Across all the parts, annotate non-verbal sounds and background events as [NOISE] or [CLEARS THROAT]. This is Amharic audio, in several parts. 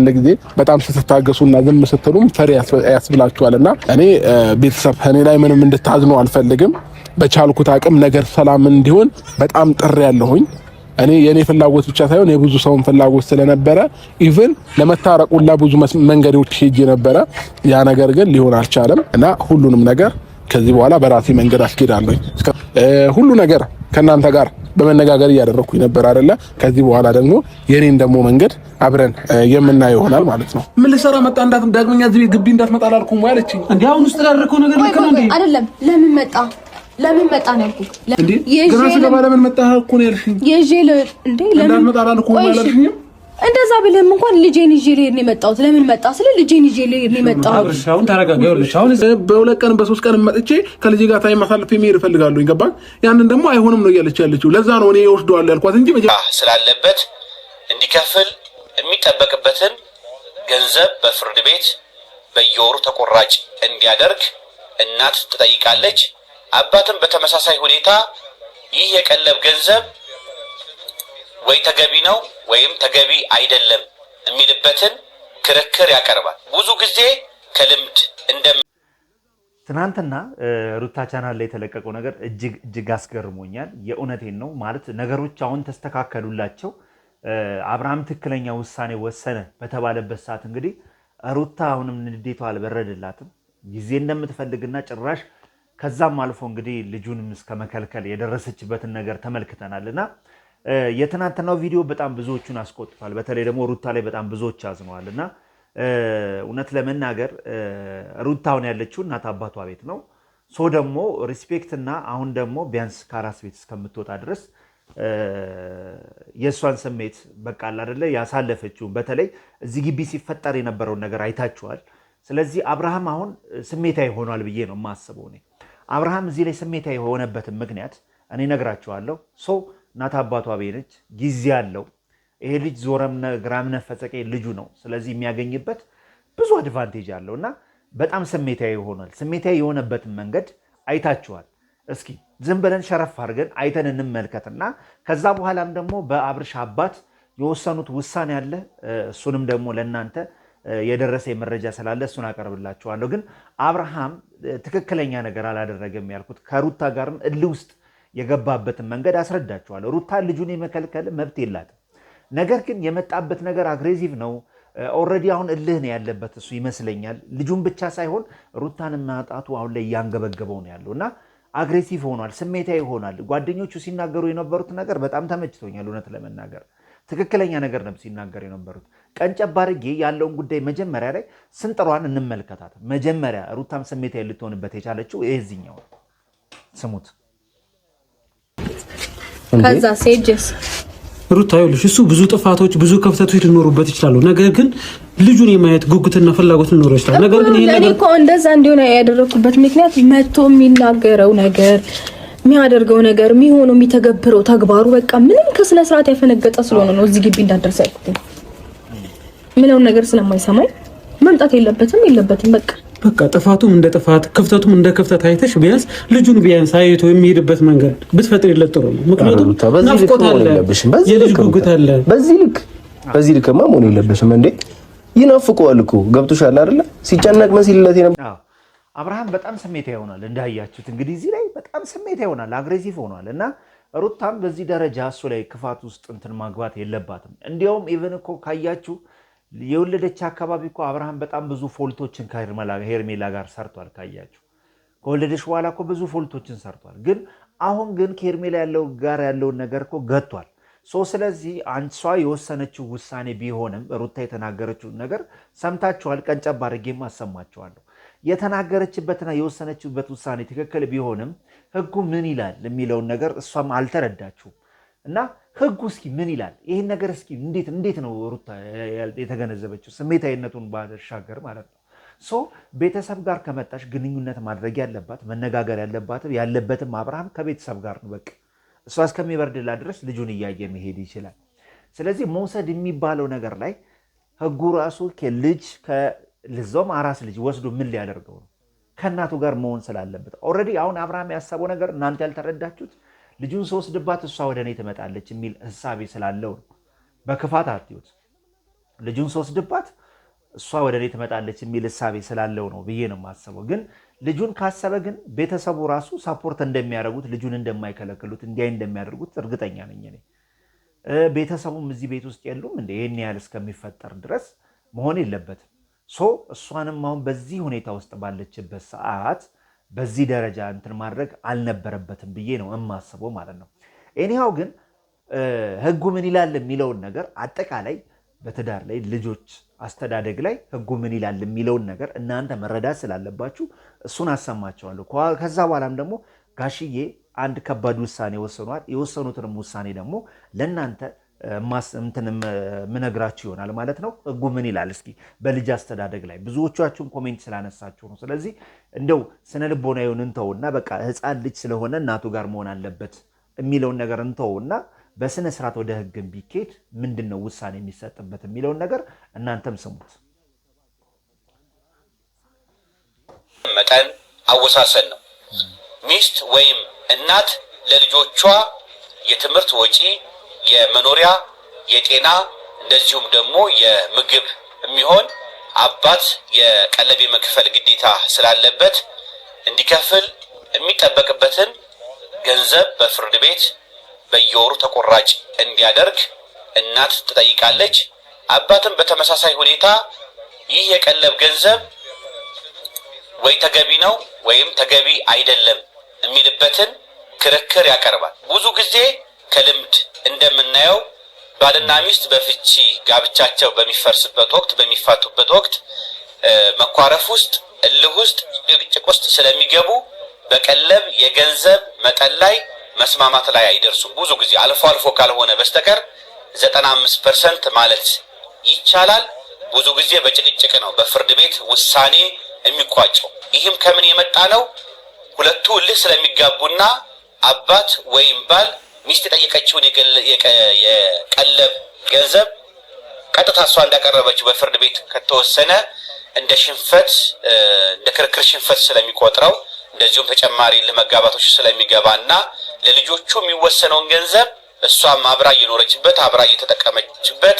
አንድ ጊዜ በጣም ስትታገሱና ዝም ስትሉም ፈሪ ያስብላችኋልና እኔ ቤተሰብ እኔ ላይ ምንም እንድታዝኑ አልፈልግም። በቻልኩት አቅም ነገር ሰላም እንዲሆን በጣም ጥሪ ያለሁኝ እኔ የኔ ፍላጎት ብቻ ሳይሆን የብዙ ሰውን ፍላጎት ስለነበረ ኢቭን ለመታረቁላ ብዙ መንገዶች ሄጅ ነበረ። ያ ነገር ግን ሊሆን አልቻለም እና ሁሉንም ነገር ከዚህ በኋላ በራሴ መንገድ አስጌዳለሁኝ ሁሉ ነገር ከእናንተ ጋር በመነጋገር እያደረግኩኝ ነበር አይደለ? ከዚህ በኋላ ደግሞ የኔን ደግሞ መንገድ አብረን የምናየው ይሆናል ማለት ነው። ምን ልሰራ መጣ? እንዳት ዳግመኛ እዚህ ግቢ እንዳትመጣ አላልኩም ወይ አለችኝ። እንዴ አሁን ውስጥ ዳረከው ነገር ልክ ነው እንዴ? አይደለም። ለምን መጣ? ለምን መጣ ነው ያልኩት። እንዴ ግራ ስለባ ለምን መጣ እኮ ነው ያልሽኝ። የጄል እንዴ ለምን እንዳትመጣ አላልኩም ወይ አላልሽኝም? እንደዛ ብለህም እንኳን ልጄን ይዤ ልሄድ ነው የመጣሁት። ለምን መጣ ስለ ልጄን ይዤ ልሄድ ነው የመጣሁት። አሁን ተረጋጋ። ይኸውልሽ አሁን በሁለት ቀን በሶስት ቀን መጥቼ ከልጄ ጋር ታይም ማሳለፍ የሚሄድ እፈልጋለሁ። ይገባል። ያንን ደግሞ አይሆንም ነው እያለች ያለችው። ለዛ ነው እኔ እወስደዋለሁ ያልኳት እንጂ ስላለበት እንዲከፍል የሚጠበቅበትን ገንዘብ በፍርድ ቤት በየወሩ ተቆራጭ እንዲያደርግ እናት ትጠይቃለች። አባትም በተመሳሳይ ሁኔታ ይህ የቀለብ ገንዘብ ወይ ተገቢ ነው ወይም ተገቢ አይደለም የሚልበትን ክርክር ያቀርባል። ብዙ ጊዜ ከልምድ እንደ ትናንትና ሩታ ቻናል ላይ የተለቀቀው ነገር እጅግ እጅግ አስገርሞኛል። የእውነቴን ነው ማለት ነገሮች አሁን ተስተካከሉላቸው። አብርሃም ትክክለኛ ውሳኔ ወሰነ በተባለበት ሰዓት እንግዲህ ሩታ አሁንም ንዴቷ አልበረድላትም። ጊዜ እንደምትፈልግና ጭራሽ ከዛም አልፎ እንግዲህ ልጁንም እስከ መከልከል የደረሰችበትን ነገር ተመልክተናል እና የትናንትናው ቪዲዮ በጣም ብዙዎቹን አስቆጥቷል። በተለይ ደግሞ ሩታ ላይ በጣም ብዙዎች አዝነዋል እና እውነት ለመናገር ሩታውን ያለችው እናት አባቷ ቤት ነው። ሶ ደግሞ ሪስፔክት እና አሁን ደግሞ ቢያንስ ከአራስ ቤት እስከምትወጣ ድረስ የእሷን ስሜት በቃል አደለ ያሳለፈችውን በተለይ እዚህ ግቢ ሲፈጠር የነበረውን ነገር አይታችኋል። ስለዚህ አብርሃም አሁን ስሜታዊ ሆኗል ብዬ ነው የማስበው። እኔ አብርሃም እዚህ ላይ ስሜታዊ የሆነበትን ምክንያት እኔ ነግራችኋለሁ። እናት አባቷ ቤነች ጊዜ አለው። ይሄ ልጅ ዞረም ግራም ነፈጸቀ ልጁ ነው። ስለዚህ የሚያገኝበት ብዙ አድቫንቴጅ አለው እና በጣም ስሜታዊ ይሆናል። ስሜታዊ የሆነበትን መንገድ አይታችኋል። እስኪ ዝም ብለን ሸረፍ አድርገን አይተን እንመልከትና ከዛ በኋላም ደግሞ በአብርሽ አባት የወሰኑት ውሳኔ አለ። እሱንም ደግሞ ለእናንተ የደረሰ መረጃ ስላለ እሱን አቀርብላችኋለሁ። ግን አብርሃም ትክክለኛ ነገር አላደረገም ያልኩት ከሩታ ጋርም እልህ ውስጥ የገባበትን መንገድ አስረዳቸዋል። ሩታ ልጁን የመከልከል መብት የላትም። ነገር ግን የመጣበት ነገር አግሬሲቭ ነው። ኦልሬዲ አሁን እልህ ነው ያለበት እሱ ይመስለኛል። ልጁን ብቻ ሳይሆን ሩታን ማጣቱ አሁን ላይ እያንገበገበው ነው ያለው እና አግሬሲቭ ሆኗል፣ ስሜታዊ ይሆናል። ጓደኞቹ ሲናገሩ የነበሩት ነገር በጣም ተመችቶኛል። እውነት ለመናገር ትክክለኛ ነገር ነው ሲናገር የነበሩት። ቀንጨብ አድርጌ ያለውን ጉዳይ መጀመሪያ ላይ ስንጥሯን እንመልከታት። መጀመሪያ ሩታም ስሜታዊ ልትሆንበት የቻለችው የዚህኛው ስሙት ከዛ ሴጅስ ሩታ ይኸውልሽ እሱ ብዙ ጥፋቶች ብዙ ክፍተቶች ሊኖሩበት ይችላሉ። ነገር ግን ልጁን የማየት ጉጉትና ፍላጎት ሊኖረው ይችላል። ነገር ግን ይሄ ነገር እኮ እንደዛ እንዲሆነ ያደረኩበት ምክንያት መቶ የሚናገረው ነገር የሚያደርገው ነገር የሚሆነው የሚተገብረው ተግባሩ በቃ ምንም ከስነ ስርዓት ያፈነገጠ ስለሆነ ነው። እዚህ ግቢ እንዳደርስ አይኩት ነገር ስለማይሰማኝ መምጣት የለበትም የለበትም በቃ በቃ ጥፋቱም እንደ ጥፋት ክፍተቱም እንደ ክፍተት አይተሽ ቢያንስ ልጁን ቢያንስ አይቶ የሚሄድበት መንገድ ብትፈጥሪለት ጥሩ ነው። ምክንያቱም ናፍቆት አለ፣ የልጅ ጉጉት አለ። በዚህ ልክ በዚህ ልክ ማ መሆን የለበሽም እንዴ። ይናፍቀዋል እኮ ገብቶሻል አይደለ? ሲጨነቅ መሲልለት የነበረ አብርሃም በጣም ስሜት ይሆናል። እንዳያችሁት እንግዲህ እዚህ ላይ በጣም ስሜት ይሆናል፣ አግሬሲቭ ሆኗል። እና ሩታም በዚህ ደረጃ እሱ ላይ ክፋት ውስጥ እንትን ማግባት የለባትም። እንዲያውም ኢቨን እኮ ካያችሁ የወለደች አካባቢ እኮ አብርሃም በጣም ብዙ ፎልቶችን ከሄርሜላ ጋር ሰርቷል። ካያችሁ ከወለደች በኋላ እኮ ብዙ ፎልቶችን ሰርቷል። ግን አሁን ግን ከሄርሜላ ያለው ጋር ያለውን ነገር እኮ ገጥቷል። ሶ ስለዚህ አንሷ የወሰነችው ውሳኔ ቢሆንም ሩታ የተናገረችው ነገር ሰምታችኋል። ቀንጨብ አድርጌም አሰማችኋለሁ። የተናገረችበትና የወሰነችበት ውሳኔ ትክክል ቢሆንም ህጉ ምን ይላል የሚለውን ነገር እሷም አልተረዳችሁም። እና ህጉ እስኪ ምን ይላል? ይህን ነገር እስኪ እንዴት እንዴት ነው ሩታ የተገነዘበችው? ስሜታዊነቱን ባሻገር ማለት ነው ሶ ቤተሰብ ጋር ከመጣሽ ግንኙነት ማድረግ ያለባት መነጋገር ያለባት ያለበትም አብርሃም ከቤተሰብ ጋር ነው። በቃ እሷ እስከሚበርድላ ድረስ ልጁን እያየ መሄድ ይችላል። ስለዚህ መውሰድ የሚባለው ነገር ላይ ህጉ ራሱ ልጅ ልዛውም አራስ ልጅ ወስዶ ምን ሊያደርገው ነው? ከእናቱ ጋር መሆን ስላለበት ኦልሬዲ አሁን አብርሃም ያሰበው ነገር እናንተ ያልተረዳችሁት ልጁን ስወስድባት እሷ ወደ እኔ ትመጣለች የሚል ህሳቤ ስላለው ነው። በክፋት አትዩት። ልጁን ስወስድባት እሷ ወደ እኔ ትመጣለች የሚል ህሳቤ ስላለው ነው ብዬ ነው የማስበው። ግን ልጁን ካሰበ ግን ቤተሰቡ ራሱ ሳፖርት እንደሚያደርጉት ልጁን እንደማይከለክሉት እንዲያይ እንደሚያደርጉት እርግጠኛ ነኝ እኔ። ቤተሰቡም እዚህ ቤት ውስጥ የሉም እንደ ይህን ያህል እስከሚፈጠር ድረስ መሆን የለበትም። ሶ እሷንም አሁን በዚህ ሁኔታ ውስጥ ባለችበት ሰዓት በዚህ ደረጃ እንትን ማድረግ አልነበረበትም ብዬ ነው የማስበው ማለት ነው። ኤኒሃው ግን ህጉ ምን ይላል የሚለውን ነገር አጠቃላይ በትዳር ላይ ልጆች አስተዳደግ ላይ ህጉ ምን ይላል የሚለውን ነገር እናንተ መረዳት ስላለባችሁ እሱን አሰማቸዋለሁ። ከዛ በኋላም ደግሞ ጋሽዬ አንድ ከባድ ውሳኔ ወሰኗል። የወሰኑትንም ውሳኔ ደግሞ ለእናንተ እንትንም ምነግራችሁ ይሆናል ማለት ነው። ህጉ ምን ይላል? እስኪ በልጅ አስተዳደግ ላይ ብዙዎቻችሁን ኮሜንት ስላነሳችሁ ነው። ስለዚህ እንደው ስነ እንተው እና በቃ ህፃን ልጅ ስለሆነ እናቱ ጋር መሆን አለበት የሚለውን ነገር እና በስነ ስርዓት ወደ ህግ ቢኬድ ምንድን ነው ውሳኔ የሚሰጥበት የሚለውን ነገር እናንተም ስሙት። መጠን አወሳሰን ነው። ሚስት ወይም እናት ለልጆቿ የትምህርት ወጪ የመኖሪያ የጤና እንደዚሁም ደግሞ የምግብ የሚሆን አባት የቀለብ የመክፈል ግዴታ ስላለበት እንዲከፍል የሚጠበቅበትን ገንዘብ በፍርድ ቤት በየወሩ ተቆራጭ እንዲያደርግ እናት ትጠይቃለች። አባትም በተመሳሳይ ሁኔታ ይህ የቀለብ ገንዘብ ወይ ተገቢ ነው ወይም ተገቢ አይደለም የሚልበትን ክርክር ያቀርባል። ብዙ ጊዜ ከልምድ እንደምናየው ባልና ሚስት በፍቺ ጋብቻቸው በሚፈርስበት ወቅት በሚፋቱበት ወቅት መኳረፍ ውስጥ እልህ ውስጥ ጭቅጭቅ ውስጥ ስለሚገቡ በቀለብ የገንዘብ መጠን ላይ መስማማት ላይ አይደርሱም። ብዙ ጊዜ አልፎ አልፎ ካልሆነ በስተቀር ዘጠና አምስት ፐርሰንት ማለት ይቻላል ብዙ ጊዜ በጭቅጭቅ ነው በፍርድ ቤት ውሳኔ የሚቋጨው። ይህም ከምን የመጣ ነው? ሁለቱ እልህ ስለሚጋቡና አባት ወይም ባል ሚስት የጠየቀችውን የቀለብ ገንዘብ ቀጥታ እሷ እንዳቀረበችው በፍርድ ቤት ከተወሰነ እንደ ሽንፈት እንደ ክርክር ሽንፈት ስለሚቆጥረው እንደዚሁም ተጨማሪ ለመጋባቶች ስለሚገባ እና ለልጆቹ የሚወሰነውን ገንዘብ እሷም አብራ እየኖረችበት አብራ እየተጠቀመችበት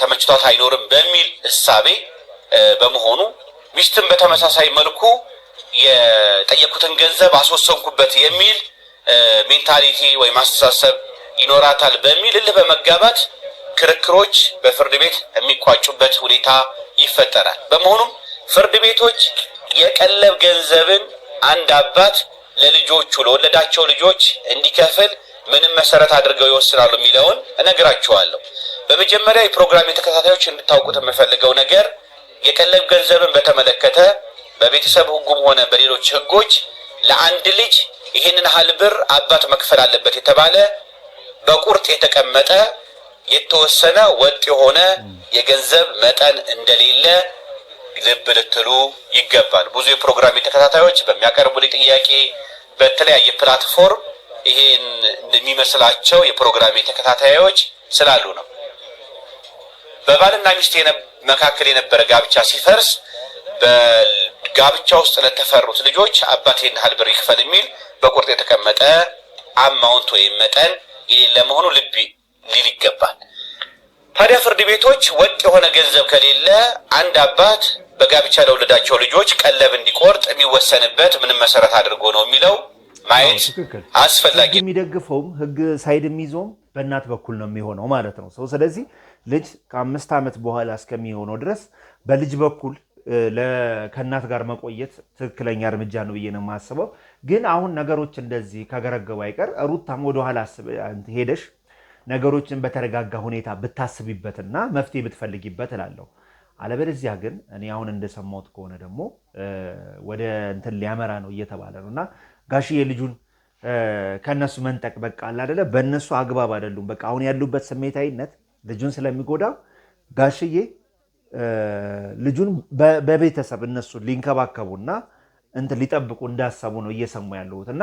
ተመችቷት አይኖርም በሚል እሳቤ በመሆኑ ሚስትም በተመሳሳይ መልኩ የጠየኩትን ገንዘብ አስወሰንኩበት የሚል ሜንታሊቲ ወይም አስተሳሰብ ይኖራታል በሚል እልህ በመጋባት ክርክሮች በፍርድ ቤት የሚቋጩበት ሁኔታ ይፈጠራል። በመሆኑም ፍርድ ቤቶች የቀለብ ገንዘብን አንድ አባት ለልጆቹ ለወለዳቸው ልጆች እንዲከፍል ምንም መሰረት አድርገው ይወስናሉ የሚለውን እነግራችኋለሁ። በመጀመሪያ የፕሮግራም የተከታታዮች እንድታውቁት የምፈልገው ነገር የቀለብ ገንዘብን በተመለከተ በቤተሰብ ሕጉም ሆነ በሌሎች ሕጎች ለአንድ ልጅ ይህንን ሀል ብር አባት መክፈል አለበት የተባለ በቁርጥ የተቀመጠ የተወሰነ ወጥ የሆነ የገንዘብ መጠን እንደሌለ ልብ ልትሉ ይገባል። ብዙ የፕሮግራም ተከታታዮች በሚያቀርቡልኝ ጥያቄ በተለያየ ፕላትፎርም ይሄን እንደሚመስላቸው የፕሮግራም ተከታታዮች ስላሉ ነው። በባልና ሚስት መካከል የነበረ ጋብቻ ሲፈርስ በጋብቻ ውስጥ ለተፈሩት ልጆች አባቴን ያህል ብር ይክፈል የሚል በቁርጥ የተቀመጠ አማውንት ወይም መጠን የሌለ መሆኑ ልብ ሊል ይገባል። ታዲያ ፍርድ ቤቶች ወጥ የሆነ ገንዘብ ከሌለ አንድ አባት በጋብቻ ለወለዳቸው ልጆች ቀለብ እንዲቆርጥ የሚወሰንበት ምንም መሰረት አድርጎ ነው የሚለው ማየት አስፈላጊ። የሚደግፈውም ህግ ሳይድ የሚይዘውም በእናት በኩል ነው የሚሆነው ማለት ነው ሰው። ስለዚህ ልጅ ከአምስት ዓመት በኋላ እስከሚሆነው ድረስ በልጅ በኩል ከእናት ጋር መቆየት ትክክለኛ እርምጃ ነው ብዬ ነው የማስበው። ግን አሁን ነገሮች እንደዚህ ከገረገቡ አይቀር ሩታም ወደኋላ ሄደሽ ነገሮችን በተረጋጋ ሁኔታ ብታስቢበትና መፍትሄ ብትፈልጊበት እላለሁ። አለበለዚያ ግን እኔ አሁን እንደሰማሁት ከሆነ ደግሞ ወደ እንትን ሊያመራ ነው እየተባለ ነው እና ጋሽዬ ልጁን ከእነሱ መንጠቅ በቃ አላደለ በእነሱ አግባብ አይደሉም። በቃ አሁን ያሉበት ስሜታዊነት ልጁን ስለሚጎዳ ጋሽዬ ልጁን በቤተሰብ እነሱ ሊንከባከቡና እንትን ሊጠብቁ እንዳሰቡ ነው እየሰሙ ያለሁት እና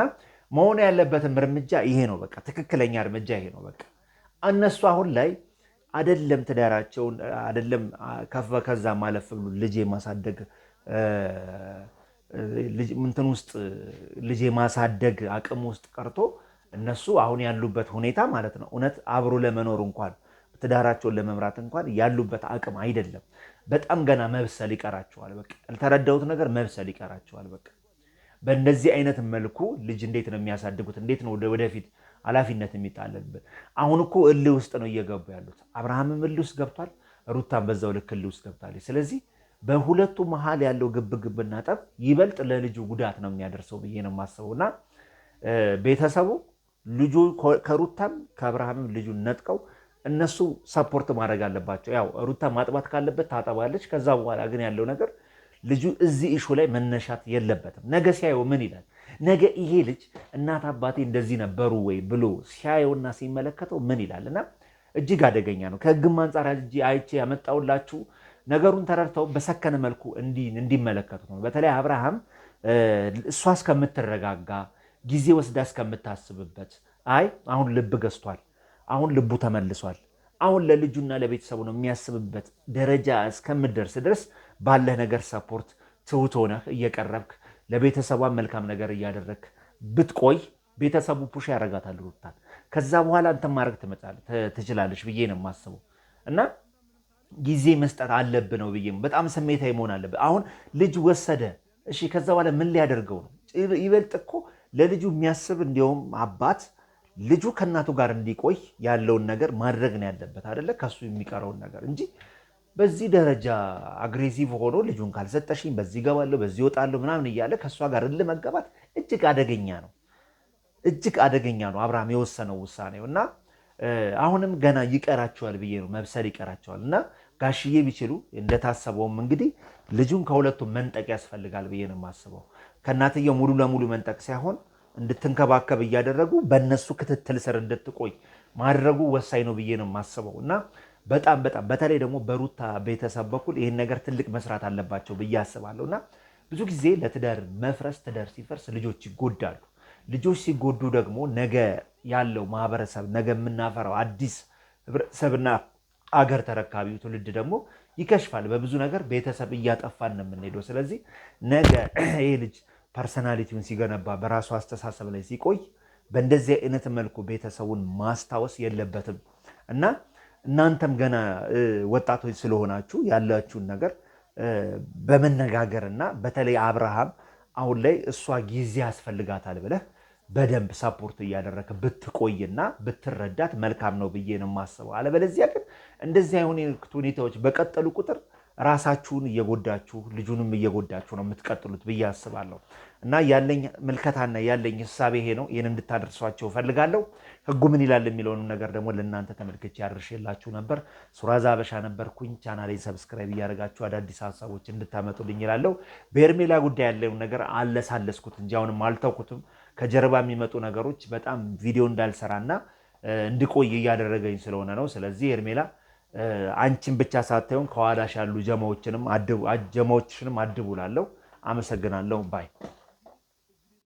መሆን ያለበትም እርምጃ ይሄ ነው። በቃ ትክክለኛ እርምጃ ይሄ ነው። በቃ እነሱ አሁን ላይ አደለም ትዳራቸውን አደለም ከዛ ማለፍ ብሎ ልጅ የማሳደግ ምንትን ውስጥ ልጅ የማሳደግ አቅም ውስጥ ቀርቶ እነሱ አሁን ያሉበት ሁኔታ ማለት ነው እውነት አብሮ ለመኖር እንኳን ትዳራቸውን ለመምራት እንኳን ያሉበት አቅም አይደለም። በጣም ገና መብሰል ይቀራቸዋል። በቃ ያልተረዳሁት ነገር መብሰል ይቀራቸዋል። በቃ በእንደዚህ አይነት መልኩ ልጅ እንዴት ነው የሚያሳድጉት? እንዴት ነው ወደፊት ኃላፊነት የሚጣለልበት? አሁን እኮ እልህ ውስጥ ነው እየገቡ ያሉት። አብርሃምም እልህ ውስጥ ገብቷል፣ ሩታም በዛው ልክ እልህ ውስጥ ገብታለች። ስለዚህ በሁለቱ መሀል ያለው ግብግብና ጠብ ይበልጥ ለልጁ ጉዳት ነው የሚያደርሰው ብዬ ነው የማስበው እና ቤተሰቡ ልጁ ከሩታም ከአብርሃምም ልጁን ነጥቀው እነሱ ሰፖርት ማድረግ አለባቸው። ያው ሩታ ማጥባት ካለበት ታጠባለች። ከዛ በኋላ ግን ያለው ነገር ልጁ እዚህ ኢሹ ላይ መነሻት የለበትም። ነገ ሲያየው ምን ይላል? ነገ ይሄ ልጅ እናት አባቴ እንደዚህ ነበሩ ወይ ብሎ ሲያየውና ሲመለከተው ምን ይላል? እና እጅግ አደገኛ ነው። ከህግም አንጻር እጅ አይቼ ያመጣውላችሁ ነገሩን ተረድተው በሰከነ መልኩ እንዲመለከቱ ነው። በተለይ አብርሃም እሷ እስከምትረጋጋ ጊዜ ወስዳ እስከምታስብበት አይ አሁን ልብ ገዝቷል አሁን ልቡ ተመልሷል። አሁን ለልጁና ለቤተሰቡ ነው የሚያስብበት ደረጃ እስከምደርስ ድረስ ባለህ ነገር ሰፖርት ትውት ሆነህ እየቀረብክ ለቤተሰቧን መልካም ነገር እያደረግክ ብትቆይ ቤተሰቡ ፑሽ ያረጋታል ሩታል ከዛ በኋላ አንተ ማድረግ ትችላለች ብዬ ነው የማስበው እና ጊዜ መስጠት አለብ ነው ብዬ በጣም ስሜታዊ መሆን አለብ። አሁን ልጅ ወሰደ፣ እሺ፣ ከዛ በኋላ ምን ሊያደርገው ነው? ይበልጥ እኮ ለልጁ የሚያስብ እንዲሁም አባት ልጁ ከእናቱ ጋር እንዲቆይ ያለውን ነገር ማድረግ ነው ያለበት አደለ? ከሱ የሚቀረውን ነገር እንጂ በዚህ ደረጃ አግሬሲቭ ሆኖ ልጁን ካልሰጠሽኝ በዚህ እገባለሁ በዚህ እወጣለሁ ምናምን እያለ ከእሷ ጋር እልህ መገባት እጅግ አደገኛ ነው፣ እጅግ አደገኛ ነው። አብርሃም የወሰነው ውሳኔው እና አሁንም ገና ይቀራቸዋል ብዬ ነው መብሰል ይቀራቸዋል። እና ጋሽዬ ቢችሉ እንደታሰበውም እንግዲህ ልጁን ከሁለቱም መንጠቅ ያስፈልጋል ብዬ ነው የማስበው። ከእናትየው ሙሉ ለሙሉ መንጠቅ ሳይሆን እንድትንከባከብ እያደረጉ በእነሱ ክትትል ስር እንድትቆይ ማድረጉ ወሳኝ ነው ብዬ ነው የማስበው እና በጣም በጣም በተለይ ደግሞ በሩታ ቤተሰብ በኩል ይህን ነገር ትልቅ መስራት አለባቸው ብዬ አስባለሁ እና ብዙ ጊዜ ለትዳር መፍረስ ትዳር ሲፈርስ ልጆች ይጎዳሉ። ልጆች ሲጎዱ ደግሞ ነገ ያለው ማህበረሰብ ነገ የምናፈራው አዲስ ህብረተሰብና አገር ተረካቢው ትውልድ ደግሞ ይከሽፋል። በብዙ ነገር ቤተሰብ እያጠፋን ነው የምንሄደው። ስለዚህ ነገ [CLEARS THROAT] ይሄ ልጅ ፐርሰናሊቲውን ሲገነባ በራሱ አስተሳሰብ ላይ ሲቆይ በእንደዚህ አይነት መልኩ ቤተሰቡን ማስታወስ የለበትም እና እናንተም ገና ወጣቶች ስለሆናችሁ ያላችሁን ነገር በመነጋገር እና በተለይ አብርሃም አሁን ላይ እሷ ጊዜ ያስፈልጋታል ብለህ በደንብ ሰፖርት እያደረገ ብትቆይና ብትረዳት መልካም ነው ብዬ ነው የማስበው። አለበለዚያ ግን እንደዚህ አይነት ሁኔታዎች በቀጠሉ ቁጥር ራሳችሁን እየጎዳችሁ ልጁንም እየጎዳችሁ ነው የምትቀጥሉት ብዬ አስባለሁ። እና ያለኝ ምልከታና ያለኝ ህሳቤ ይሄ ነው። ይህን እንድታደርሷቸው እፈልጋለሁ። ህጉ ምን ይላል የሚለውን ነገር ደግሞ ለእናንተ ተመልክቼ ያደርሽላችሁ ነበር። ሱራዛ አበሻ ነበርኩኝ። ቻናሌ ሰብስክራይብ እያደረጋችሁ አዳዲስ ሀሳቦች እንድታመጡልኝ ይላለው። በኤርሜላ ጉዳይ ያለውን ነገር አለሳለስኩት እንጂ አሁንም አልተውኩትም። ከጀርባ የሚመጡ ነገሮች በጣም ቪዲዮ እንዳልሰራና እንድቆይ እያደረገኝ ስለሆነ ነው። ስለዚህ ኤርሜላ አንቺን ብቻ ሳትሆን ከኋላሽ ያሉ ጀማዎችንም አድቡ አድቡ አድቡላለሁ። አመሰግናለሁ ባይ